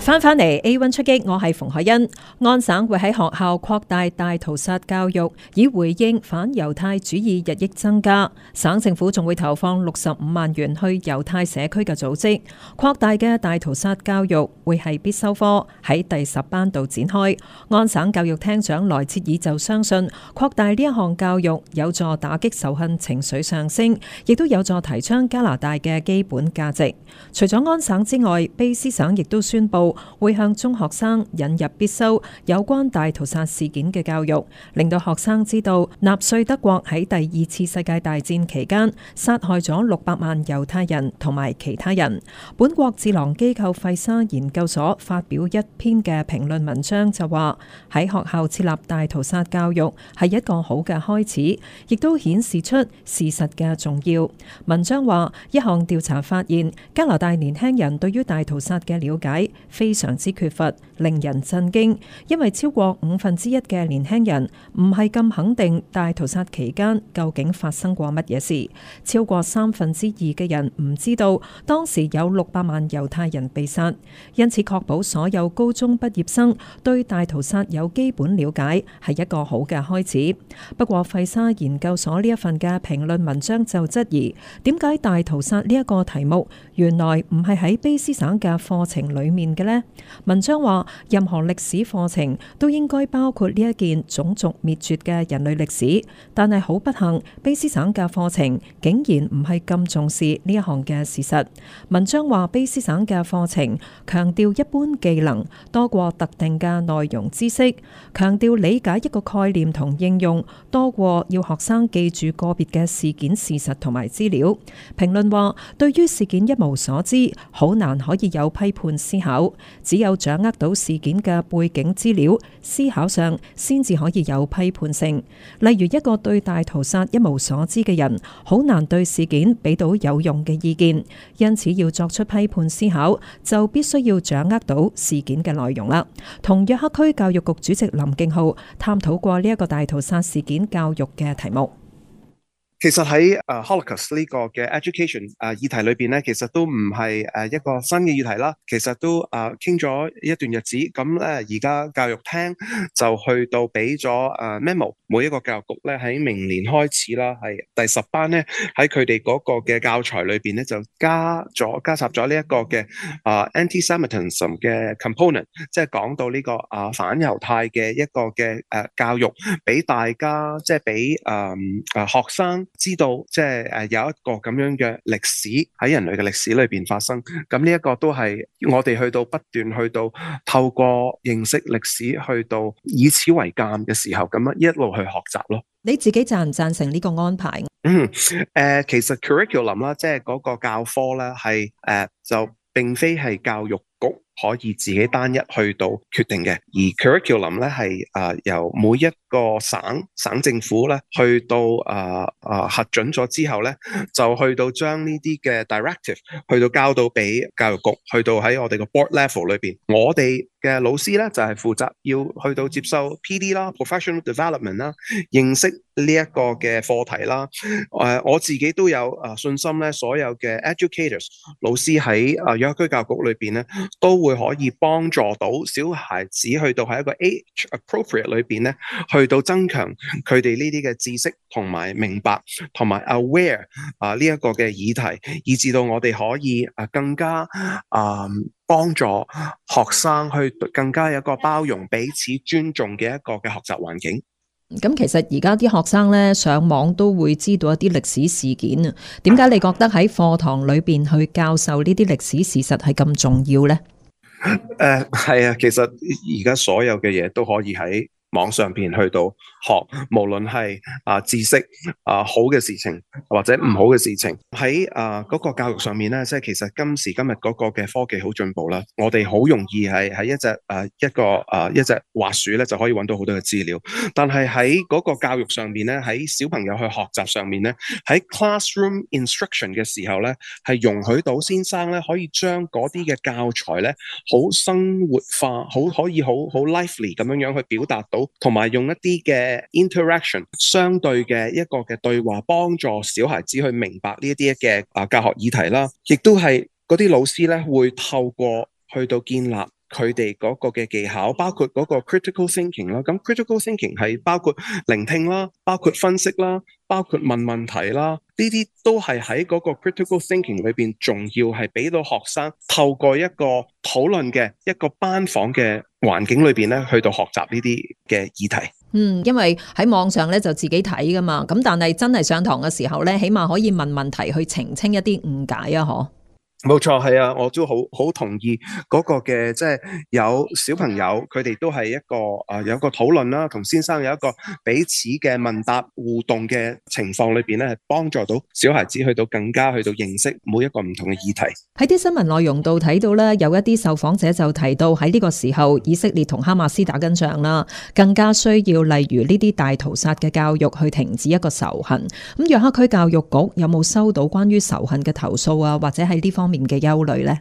翻返嚟 A1 出擊，我係馮海恩。安省會喺學校擴大大屠殺教育，以回應反猶太主義日益增加。省政府仲會投放六十五萬元去猶太社區嘅組織。擴大嘅大屠殺教育會係必修科，喺第十班度展開。安省教育廳長萊切爾就相信，擴大呢一項教育有助打擊仇恨情緒上升，亦都有助提倡加拿大嘅基本價值。除咗安省之外，卑詩省亦都宣布。會向中學生引入必修有關大屠殺事件嘅教育，令到學生知道納粹德國喺第二次世界大戰期間殺害咗六百萬猶太人同埋其他人。本國智囊機構費沙研究所發表一篇嘅評論文章就話：喺學校設立大屠殺教育係一個好嘅開始，亦都顯示出事實嘅重要。文章話，一項調查發現加拿大年輕人對於大屠殺嘅了解。非常之缺乏，令人震驚，因為超過五分之一嘅年輕人唔係咁肯定大屠殺期間究竟發生過乜嘢事，超過三分之二嘅人唔知道當時有六百萬猶太人被殺，因此，確保所有高中畢業生對大屠殺有基本了解係一個好嘅開始。不過費沙研究所呢一份嘅評論文章就質疑，點解大屠殺呢一個題目原來唔係喺卑斯省嘅課程裏面嘅呢？文章話，任何歷史課程都應該包括呢一件種族滅絕嘅人類歷史，但係好不幸，卑斯省嘅課程竟然唔係咁重視呢一項嘅事實。文章話，卑斯省嘅課程強調一般技能多過特定嘅內容知識，強調理解一個概念同應用多過要學生記住個別嘅事件事實同埋資料。評論話，對於事件一無所知，好難可以有批判思考。只有掌握到事件嘅背景資料，思考上先至可以有批判性。例如一個對大屠殺一無所知嘅人，好難對事件俾到有用嘅意見。因此要作出批判思考，就必須要掌握到事件嘅內容啦。同約克區教育局主席林敬浩探討過呢一個大屠殺事件教育嘅題目。其實喺 Holocaust 呢個嘅 education 誒議題裏邊咧，其實都唔係誒一個新嘅議題啦。其實都誒傾咗一段日子，咁咧而家教育廳就去到俾咗 memo，每一個教育局咧喺明年開始啦，係第十班咧喺佢哋嗰個嘅教材裏邊咧就加咗加插咗呢一個嘅 anti-Semitism 嘅 component，即係講到呢個反猶太嘅一個嘅誒教育，俾大家即係俾誒學生，知道即係誒有一個咁樣嘅歷史喺人類嘅歷史裏邊發生，咁呢一個都係我哋去到不斷去到透過認識歷史去到以此為鑑嘅時候，咁樣一路去學習咯。你自己贊唔贊成呢個安排？誒、嗯呃，其實 curriculum 啦，即係嗰個教科啦，係、呃、誒就並非係教育局。可以自己單一去到決定嘅，而 curriculum 咧係、呃、由每一個省省政府咧去到、呃啊、核准咗之後咧，就去到將呢啲嘅 directive 去到交到俾教育局，去到喺我哋個 board level 裏邊，我哋嘅老師咧就係、是、負責要去到接受 PD 啦，professional development 啦，認識。呢、這、一個嘅課題啦，誒，我自己都有信心咧，所有嘅 educators 老師喺誒約克區教育局裏邊咧，都會可以幫助到小孩子去到喺一個 age appropriate 裏邊咧，去到增強佢哋呢啲嘅知識同埋明白同埋 aware 啊呢一個嘅議題，以至到我哋可以更加誒、嗯、幫助學生去更加有一個包容彼此尊重嘅一個嘅學習環境。咁其實而家啲學生咧，上網都會知道一啲歷史事件啊？點解你覺得喺課堂裏邊去教授呢啲歷史事實係咁重要呢？誒，係啊，其實而家所有嘅嘢，都可以喺網上邊去到。學無論係啊知識啊好嘅事情或者唔好嘅事情喺啊嗰個教育上面咧，即係其實今時今日嗰個嘅科技好進步啦，我哋好容易係喺一隻啊一個啊一隻滑鼠，咧就可以揾到好多嘅資料。但係喺嗰個教育上面咧，喺小朋友去學習上面咧，喺 classroom instruction 嘅時候咧，係容許到先生咧可以將嗰啲嘅教材，咧好生活化，好可以好好 lively 咁樣樣去表達到，同埋用一啲嘅 interaction 相對嘅一個嘅對話，幫助小孩子去明白呢一啲嘅啊教學議題啦，亦都係嗰啲老師咧會透過去到建立佢哋嗰個嘅技巧，包括嗰個 critical thinking 啦。咁 critical thinking 係包括聆聽啦，包括分析啦，包括問問題啦。呢啲都係喺嗰個 critical thinking 裏邊仲要係俾到學生透過一個討論嘅一個班房嘅環境裏邊咧，去到學習呢啲嘅議題。嗯，因為喺網上呢就自己睇㗎嘛，咁但係真係上堂嘅時候呢，起碼可以問問題去澄清一啲誤解啊！嗬。冇錯，係啊！我都好好同意嗰個嘅，即係有小朋友佢哋都係一個啊，有個討論啦，同先生有一個彼此嘅問答互動嘅情況裏邊咧，係幫助到小孩子去到更加去到認識每一個唔同嘅議題。喺啲新聞內容度睇到咧，有一啲受訪者就提到喺呢個時候，以色列同哈馬斯打緊仗啦，更加需要例如呢啲大屠殺嘅教育去停止一個仇恨。咁約克區教育局有冇收到關於仇恨嘅投訴啊？或者喺呢方面？面嘅憂慮咧，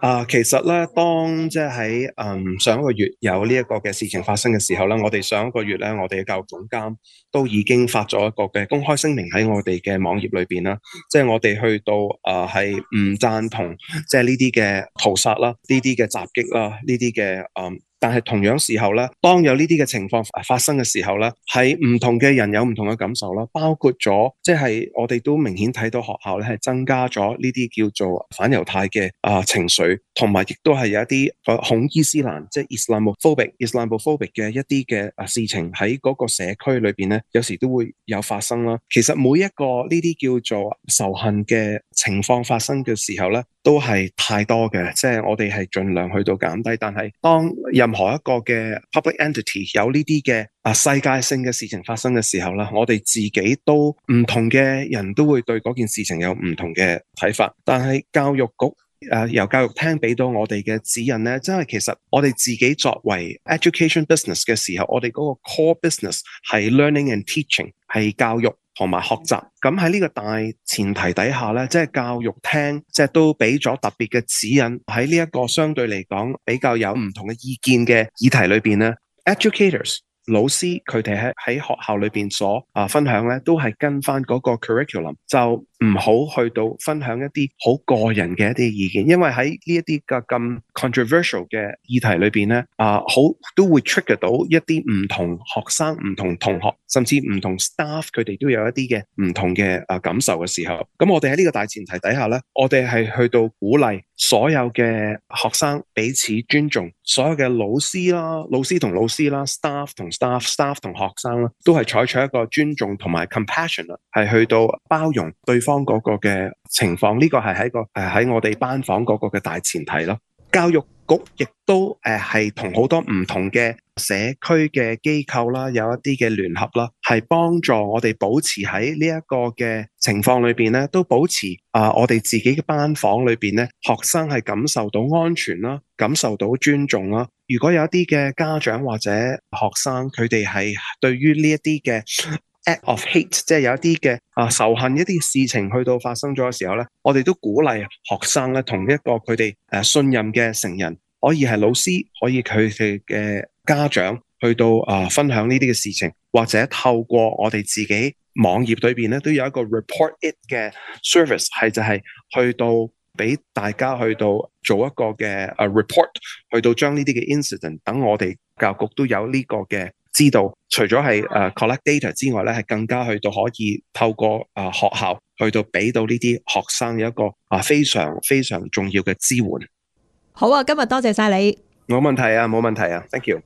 啊，其實咧，當即係喺嗯上一個月有呢一個嘅事情發生嘅時候咧，我哋上一個月咧，我哋嘅教育總監都已經發咗一個嘅公開聲明喺我哋嘅網頁裏邊啦，即係我哋去到啊，係唔贊同即係呢啲嘅屠殺啦，呢啲嘅襲擊啦，呢啲嘅嗯。呃但係同樣時候咧，當有呢啲嘅情況發生嘅時候咧，喺唔同嘅人有唔同嘅感受咯，包括咗即係我哋都明顯睇到學校咧係增加咗呢啲叫做反猶太嘅啊情緒，同埋亦都係有一啲個恐伊斯蘭，即係 Islamophobic、Islamophobic 嘅一啲嘅啊事情喺嗰個社區裏邊咧，有時都會有發生啦。其實每一個呢啲叫做仇恨嘅情況發生嘅時候咧，都係太多嘅，即係我哋係盡量去到減低。但係當任何一個嘅 public entity 有呢啲嘅啊世界性嘅事情發生嘅時候啦，我哋自己都唔同嘅人都會對嗰件事情有唔同嘅睇法。但係教育局、呃、由教育廳俾到我哋嘅指引咧，真係其實我哋自己作為 education business 嘅時候，我哋嗰個 core business 係 learning and teaching 係教育。同埋學習，咁喺呢個大前提底下呢即係教育廳即係都俾咗特別嘅指引喺呢一個相對嚟講比較有唔同嘅意見嘅議題裏面呢 educators 老師佢哋喺喺學校裏面所啊分享呢都係跟翻嗰個 curriculum 就唔好去到分享一啲好個人嘅一啲意見，因為喺呢一啲嘅咁 controversial 嘅議題裏邊咧，啊好都會 trigger 到一啲唔同學生、唔同同學，甚至唔同 staff 佢哋都有一啲嘅唔同嘅誒感受嘅時候，咁我哋喺呢個大前提底下咧，我哋係去到鼓勵所有嘅學生彼此尊重，所有嘅老師啦、老師同老師啦、staff 同 staff、staff 同學生啦，都係採取一個尊重同埋 compassion 啊，係去到包容對方。方、那、嗰個嘅情況呢，這個係喺個誒喺我哋班房嗰個嘅大前提咯。教育局亦都誒係同好多唔同嘅社區嘅機構啦，有一啲嘅聯合啦，係幫助我哋保持喺呢一個嘅情況裏邊咧，都保持啊我哋自己嘅班房裏邊咧，學生係感受到安全啦，感受到尊重啦。如果有一啲嘅家長或者學生佢哋係對於呢一啲嘅。act of hate，即係有一啲嘅啊仇恨一啲事情去到發生咗嘅時候咧，我哋都鼓勵學生咧，同一個佢哋誒信任嘅成人，可以係老師，可以佢哋嘅家長去到啊分享呢啲嘅事情，或者透過我哋自己網頁裏面咧，都有一個 report it 嘅 service，係就係去到俾大家去到做一個嘅啊 report，去到將呢啲嘅 incident，等我哋教育局都有呢個嘅。知道除咗係誒 collect data 之外咧，係更加去到可以透過誒學校去到俾到呢啲學生有一個啊非常非常重要嘅支援。好啊，今日多謝晒你，冇問題啊，冇問題啊，thank you。